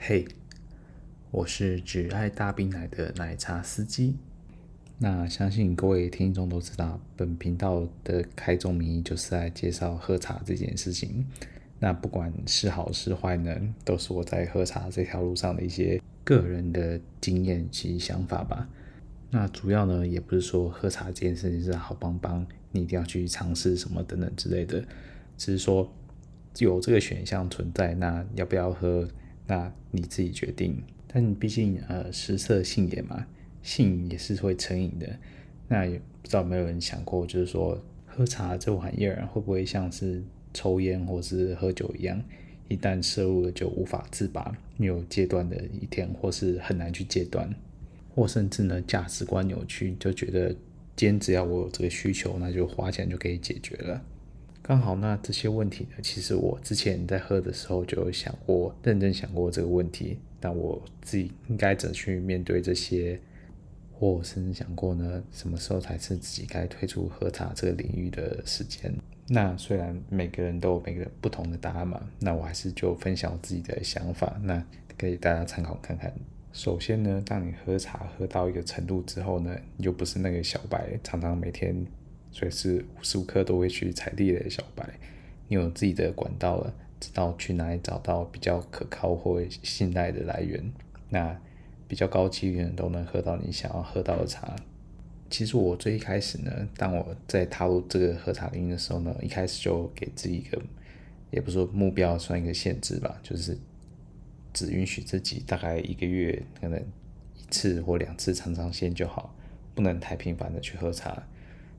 嘿，hey, 我是只愛大冰奶的奶茶司機。那相信各位聽眾都知道，本頻道的開宗明義就是在介紹喝茶這件事情。那不管是好是壞呢，都是我在喝茶這條路上的一些個人的經驗及想法吧。那主要呢，也不是說喝茶這件事情是好棒棒，你一定要去嘗試什麼等等之類的，只是說有這個選項存在，那要不要喝？那你自己決定，但你畢竟呃，食色性也嘛，性也是會成癮的。那也不知道有沒有人想過，就是說喝茶這玩意兒會不會像是抽煙或是喝酒一樣，一旦攝入了就無法自拔，沒有戒斷的一天，或是很難去戒斷，或甚至呢，價值觀扭曲，就覺得今天只要我有這個需求，那就花錢就可以解決了。剛好，那這些問題呢，其實我之前在喝的時候就有想過，認真想過這個問題。那我自己應該怎麼去面對這些？我甚至想過呢，什麼時候才是自己該退出喝茶這個領域的時間？那雖然每個人都有每個人不同的答案嘛，那我還是就分享我自己的想法，那給大家參考看看。首先呢，當你喝茶喝到一個程度之後呢，你就不是那個小白，常常每天。所以是無時無刻都會去踩地雷的小白，你有自己的管道了，知道去哪裡找到比較可靠或信賴的來源。那比較高級的人都能喝到你想要喝到的茶。其實我最一開始呢，當我在踏入這個喝茶領域的時候呢，一開始就給自己一個，也不是說目標，算一個限制吧，就是只允許自己大概一個月可能一次或兩次嚐嚐鮮就好，不能太頻繁的去喝茶。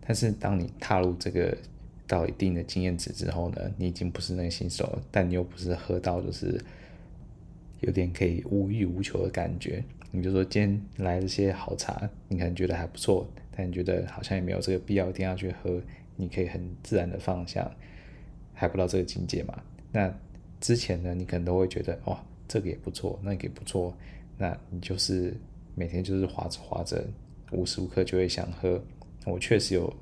但是，當你踏入這個到一定的經驗值之後呢，你已經不是那個新手了，但你又不是喝到就是有點可以無欲無求的感覺。你就說今天來這些好茶，你可能覺得還不錯，但你覺得好像也沒有這個必要一定要去喝，你可以很自然的放下，還不到這個境界嘛。那之前呢，你可能都會覺得哇，這個也不錯，那個也不錯，那你就是每天就是滑著滑著，無時無刻就會想喝。我確實有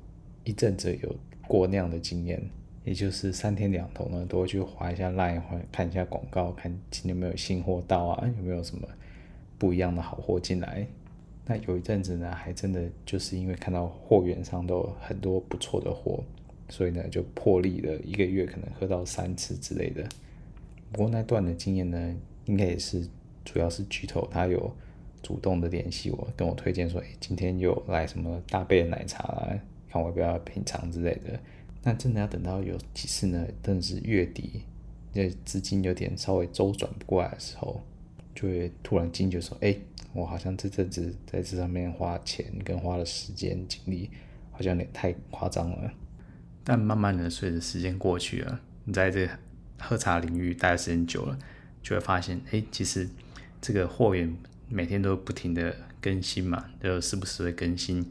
一陣子有過那樣的經驗，也就是三天兩頭呢都會去滑一下 Line，看一下廣告，看今天有沒有新貨到啊，有沒有什麼不一樣的好貨進來。那有一陣子呢，還真的就是因為看到貨源上都有很多不錯的貨，所以呢就破例了一個月可能喝到三次之類的。不過那段的經驗呢，應該也是主要是巨頭它有主動的聯繫我，跟我推薦說、欸：“今天又來什麼大杯的奶茶啦，看我不要品嚐之類的。”那真的要等到有幾次呢？真的是月底，那資金有點稍微周轉不過來的時候，就會突然驚覺說：“哎、欸，我好像這陣子在這上面花錢跟花的時間精力，好像有點太誇張了。”但慢慢的，隨着時間過去了、啊，你在這喝茶領域待的時間久了，就會發現：“哎、欸，其實這個貨源。”每天都不停的更新嘛，都時不時會更新。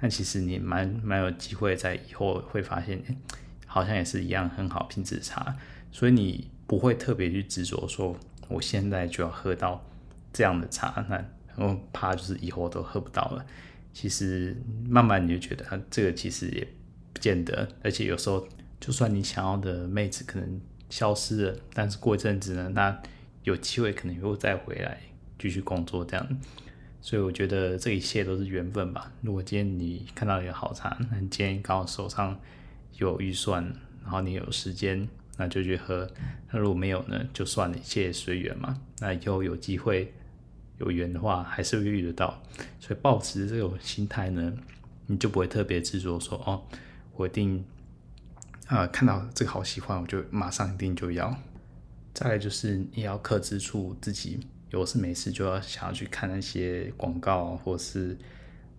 但其實你蠻蠻有機會在以後會發現，欸，好像也是一樣很好品質的茶，所以你不會特別去執着說我現在就要喝到這樣的茶，那我怕就是以後都喝不到了。其實慢慢你就覺得，啊，這個其實也不見得。而且有時候就算你想要的妹子可能消失了，但是過一陣子呢，那有機會可能又再回來。繼續工作這樣，所以我覺得這一切都是緣分吧。如果今天你看到一個好茶，那你今天剛好手上有預算，然後你有時間，那就去喝。那如果沒有呢，就算了，一切隨緣嘛。那以後有機會有緣的話，還是會遇得到。所以抱持這種心態呢，你就不會特別執着說哦，我一定啊、呃、看到這個好喜歡，我就馬上一定就要。再來就是你要克制住自己。我是每次就要想要去看那些廣告、啊，或是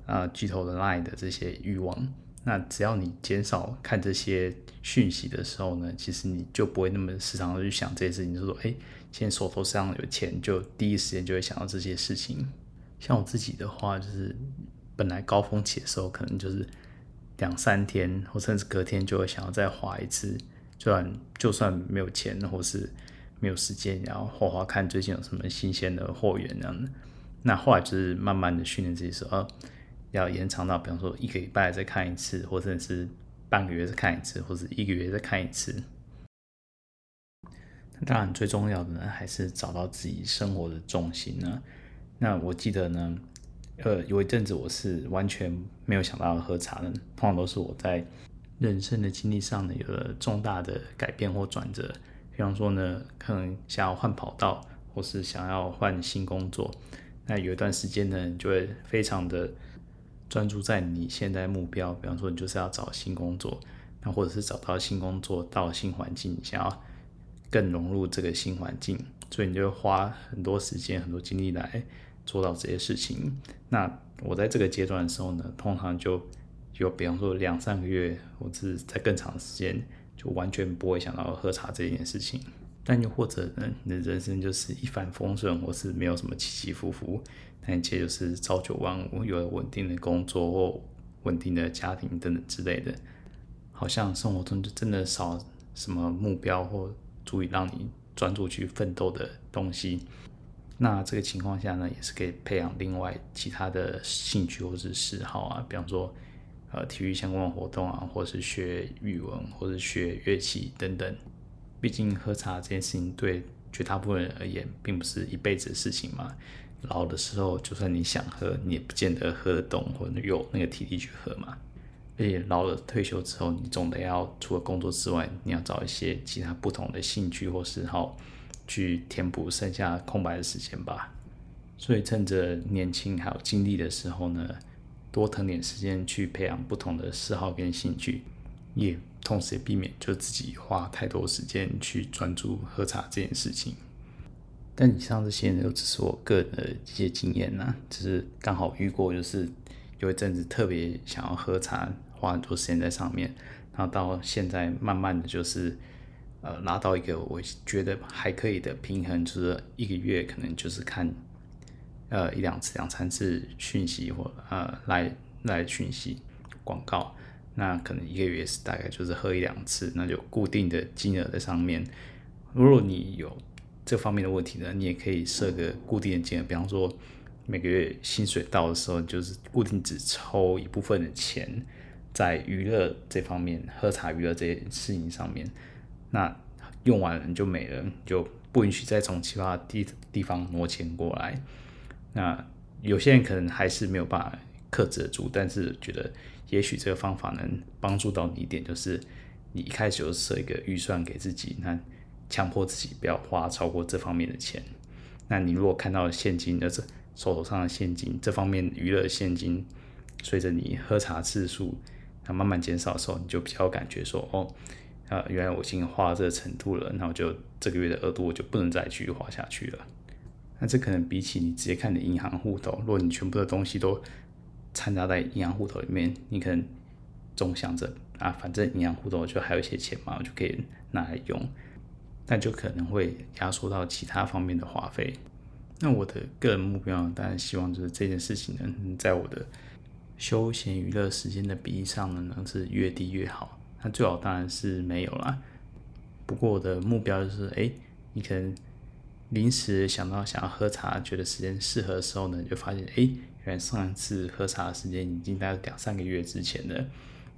啊巨頭的 line 的這些慾望。那只要你減少看這些訊息的時候呢，其實你就不會那麼時常的去想這些事情。就是、說，哎、欸，現在手頭上有錢，就第一時間就會想到這些事情。像我自己的話，就是本來高峰期的時候，可能就是兩三天，或甚至隔天就會想要再滑一次，就算就算沒有錢，或是。沒有時間，然後好好看最近有什麼新鮮的貨源那樣的。那後來就是慢慢的訓練自己說，說要延長到，比方說，一個禮拜再看一次，或者是半個月再看一次，或者一個月再看一次。當然最重要的呢，還是找到自己生活的重心呢。那我記得呢，呃，有一陣子我是完全沒有想到喝茶的，通常都是我在人生的經歷上呢有了重大的改變或轉折。比方說呢，可能想要換跑道，或是想要換新工作，那有一段時間呢，你就會非常的專注在你現在目標。比方說，你就是要找新工作，那或者是找到新工作，到新環境，想要更融入這個新環境，所以你就會花很多時間、很多精力來做到這些事情。那我在這個階段的時候呢，通常就就比方說兩三個月，或者是在更長時間。完全不會想到喝茶這件事情，但又或者呢，你的人生就是一帆風順，或是沒有什麼起起伏伏，但一切就是朝九晚五，有了穩定的工作或穩定的家庭等等之類的，好像生活中就真的少什麼目標或足以讓你專注去奮鬥的東西。那這個情況下呢，也是可以培養另外其他的興趣或是嗜好啊，比方說。呃，體育相關的活動啊，或是學語文，或者是學樂器等等。畢竟喝茶這件事情，對絕大部分人而言，並不是一輩子的事情嘛。老的時候，就算你想喝，你也不見得喝得動，或者有那個體力去喝嘛。而且老了退休之後，你總得要除了工作之外，你要找一些其他不同的興趣或嗜好去填補剩下空白的時間吧。所以趁着年輕還有精力的時候呢。多騰點時間去培養不同的嗜好跟興趣也，也同時也避免就自己花太多時間去專注喝茶這件事情。但以上這些呢，都只是我個人的一些經驗啦，只、就是剛好遇過，就是有一陣子特別想要喝茶，花很多時間在上面，然後到現在慢慢的就是呃拿到一個我覺得還可以的平衡，就是一個月可能就是看。呃，一兩次、兩三次訊息或呃來來訊息廣告，那可能一個月是大概就是喝一兩次，那就固定的金額在上面。如果你有這方面的問題呢，你也可以設個固定的金額，比方說每個月薪水到的時候，就是固定只抽一部分的錢，在娛樂這方面喝茶娛樂這些事情上面。那用完了你就沒了，就不允許再從其他地地方挪錢過來。那有些人可能還是沒有辦法克制住，但是覺得也許這個方法能幫助到你一點，就是你一開始就設一個預算給自己，那強迫自己不要花超過這方面的錢。那你如果看到了現金，就是手頭上的現金，這方面娛樂現金，隨着你喝茶次數它慢慢減少的時候，你就比較感覺說，哦，啊，原來我已經花了這個程度了，那我就這個月的額度我就不能再去花下去了。這可能比起你直接看的銀行戶頭，如果你全部的東西都摻雜在銀行戶頭裡面，你可能總想着啊，反正銀行戶頭就還有一些錢嘛，我就可以拿來用，但就可能會壓縮到其他方面的花費。那我的個人目標當然希望就是這件事情能在我的休閒娛樂時間的比例上呢，能是越低越好。那最好當然是沒有啦。不過我的目標就是，哎，你可能。臨時想到想要喝茶，覺得時間適合的時候呢，你就發現哎、欸，原來上一次喝茶的時間已經大概兩三個月之前了。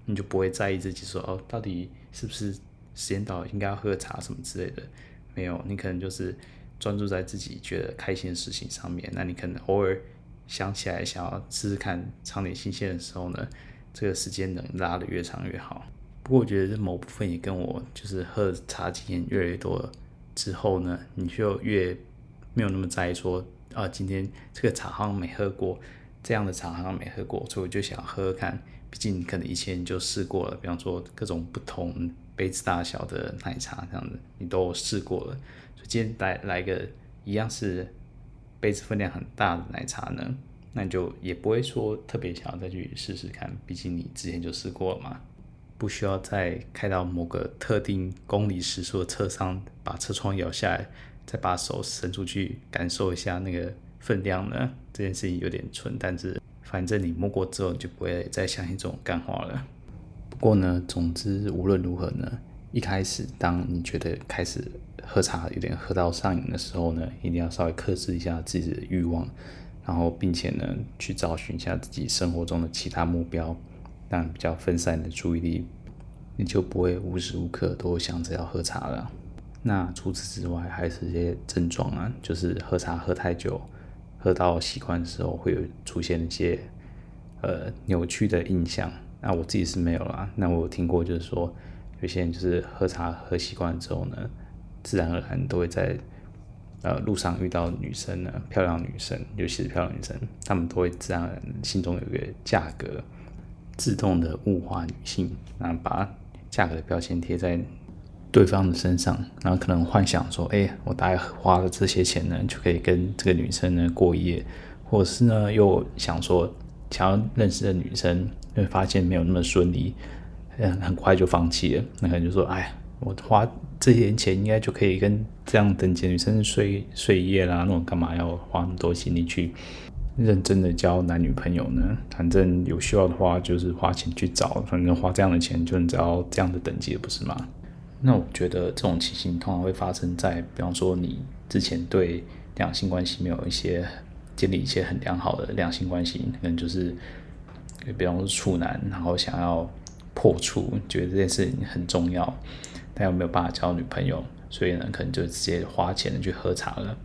你就不會在意自己說哦，到底是不是時間到應該要喝茶什麼之類的，沒有，你可能就是專注在自己覺得開心的事情上面。那你可能偶爾想起來想要試試看嘗點新鮮的時候呢，這個時間能拉得越長越好。不過我覺得這某部分也跟我就是喝茶經驗越來越多了。之後呢，你就越沒有那麼在意說，啊，今天這個茶好像沒喝過，這樣的茶好像沒喝過，所以我就想喝喝看。畢竟可能以前就試過了，比方說各種不同杯子大小的奶茶這樣子，你都試過了，所以今天帶來一個一樣是杯子分量很大的奶茶呢，那你就也不會說特別想要再去試試看，畢竟你之前就試過了嘛。不需要再開到某個特定公里時速的車上，把車窗搖下來，再把手伸出去感受一下那個分量呢？這件事情有點蠢，但是反正你摸過之後你就不會再相信這種乾話了。不過呢，總之無論如何呢，一開始當你覺得開始喝茶有點喝到上癮的時候呢，一定要稍微克制一下自己的欲望，然後並且呢去找尋一下自己生活中的其他目標。但比較分散你的注意力，你就不會無時無刻都想着要喝茶了。那除此之外，還是一些症狀啊，就是喝茶喝太久，喝到習慣的時候，會有出現一些呃扭曲的印象。那我自己是沒有啦。那我聽過就是說，有些人就是喝茶喝習慣之後呢，自然而然都會在呃路上遇到女生呢，漂亮女生，尤其是漂亮女生，他們都會自然而然心中有一個價格。自動的物化女性，然後把價格的標籤貼在對方的身上，然後可能幻想說，哎、欸，我大概花了這些錢呢，就可以跟這個女生呢過夜，或者是呢又想說想要認識的女生，又發現沒有那麼順利，嗯，很快就放棄了。那可能就說，哎，我花這些錢應該就可以跟這樣等級的女生睡睡一夜啦，那種幹嘛要花那麼多心力去？認真的交男女朋友呢？反正有需要的話，就是花錢去找，反正花這樣的錢就能找到這樣的等級，不是嗎？那我覺得這種情形通常會發生在，比方說你之前對兩性關係沒有一些建立一些很良好的兩性關係，可能就是，比方說處男，然後想要破處，覺得這件事情很重要，但又沒有辦法交女朋友，所以呢，可能就直接花錢去喝茶了。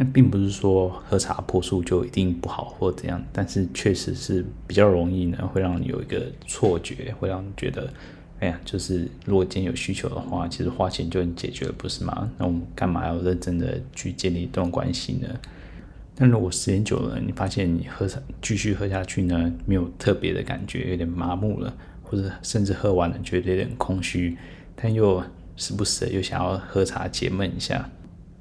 那並不是說喝茶破處就一定不好或怎樣，但是確實是比較容易呢，會讓你有一個錯覺，會讓你覺得，哎呀，就是如果今天有需求的話，其實花錢就能解決，不是嗎？那我們幹嘛要認真的去建立一段關係呢？但如果時間久了，你發現你喝茶繼續喝下去呢，沒有特別的感覺，有點麻木了，或者甚至喝完了覺得有點空虛，但又時不時的又想要喝茶解悶一下。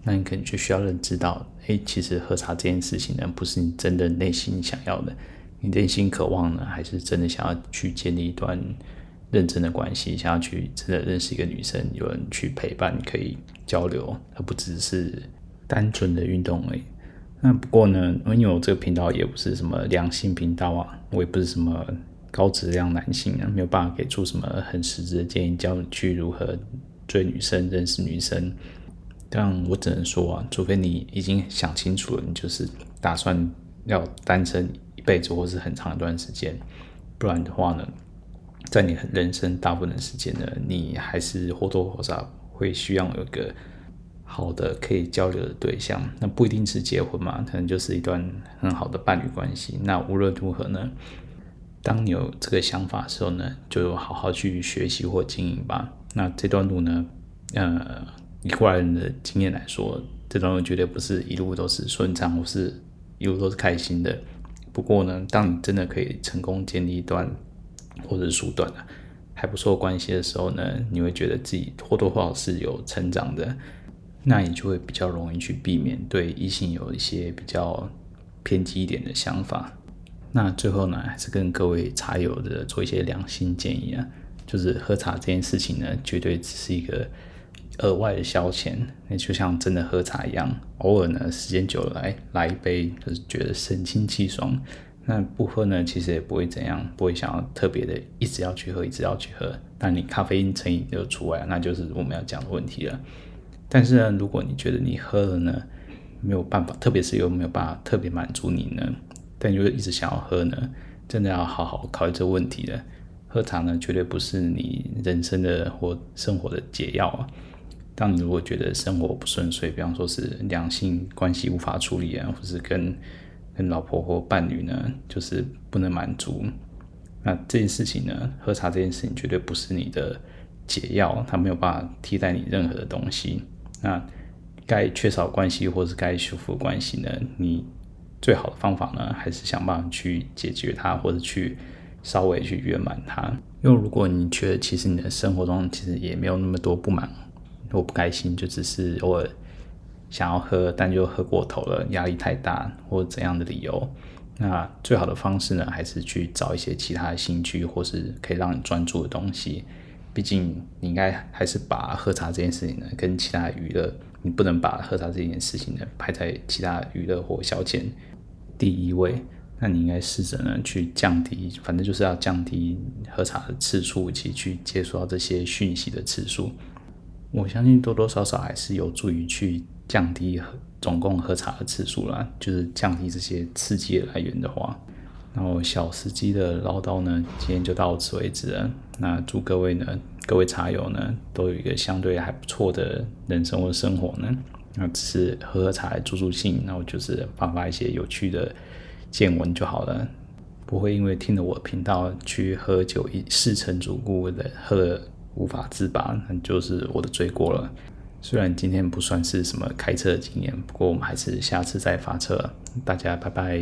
那你可能就需要認知到，哎、欸，其實喝茶這件事情呢，不是你真的內心想要的，你內心渴望呢，還是真的想要去建立一段認真的關係，想要去真的認識一個女生，有人去陪伴，可以交流，而不只是單純的運動而已。那不過呢，因為我這個頻道也不是什麼良性頻道啊，我也不是什麼高質量男性啊，沒有辦法給出什麼很實質的建議，教你去如何追女生、認識女生。但我只能說啊，除非你已經想清楚了，你就是打算要單身一輩子，或是很長一段時間，不然的話呢，在你人生大部分的時間呢，你還是或多或少會需要有一個好的可以交流的對象。那不一定是結婚嘛，可能就是一段很好的伴侶關係。那無論如何呢，當你有這個想法的時候呢，就好好去學習或經營吧。那這段路呢，呃。以過來人的經驗來說，這條路絕對不是一路都是順暢，或是一路都是開心的。不過呢，當你真的可以成功建立一段或者是數段、啊、還不錯關係的時候呢，你會覺得自己或多或少是有成長的。那你就會比較容易去避免對異性有一些比較偏激一點的想法。那最後呢，還是跟各位茶友的做一些良心建議啊，就是喝茶這件事情呢，絕對只是一個。額外的消遣，那就像真的喝茶一樣，偶爾呢，時間久了來來一杯，就是覺得神清氣爽。那不喝呢，其實也不會怎樣，不會想要特別的一直要去喝，一直要去喝。但你咖啡因成癮就除外，那就是我們要講的問題了。但是呢，如果你覺得你喝了呢沒有辦法，特別是又沒有辦法特別滿足你呢，但又一直想要喝呢，真的要好好考慮這個問題了。喝茶呢，絕對不是你人生的或生活的解藥啊。當你如果覺得生活不順遂，比方說是兩性關係無法處理啊，或是跟跟老婆或伴侶呢，就是不能滿足，那這件事情呢，喝茶這件事情絕對不是你的解藥，它沒有辦法替代你任何的東西。那該缺少關係或是該修復關係呢，你最好的方法呢，還是想辦法去解決它，或者去稍微去圓滿它。因為如果你覺得其實你的生活中其實也沒有那麼多不滿，我不開心，就只是偶爾想要喝，但就喝過頭了，壓力太大或怎樣的理由。那最好的方式呢，還是去找一些其他的興趣，或是可以讓你專注的東西。畢竟你應該還是把喝茶這件事情呢，跟其他娛樂，你不能把喝茶這件事情呢排在其他娛樂或消遣第一位。那你應該試着呢去降低，反正就是要降低喝茶的次數，以及去接觸到這些訊息的次數。我相信多多少少還是有助於去降低總共喝茶的次數啦，就是降低這些刺激的來源的話。然後小司機的嘮叨呢，今天就到此為止了。那祝各位呢，各位茶友呢，都有一個相對還不錯的人生或生活呢。那只是喝喝茶，助助興，然後就是發發一些有趣的見聞就好了，不會因為聽了我頻道去喝酒一事成主顧的喝，無法自拔，那就是我的罪過了。雖然今天不算是什麼開車的經驗，不過我們還是下次再發車。大家拜拜。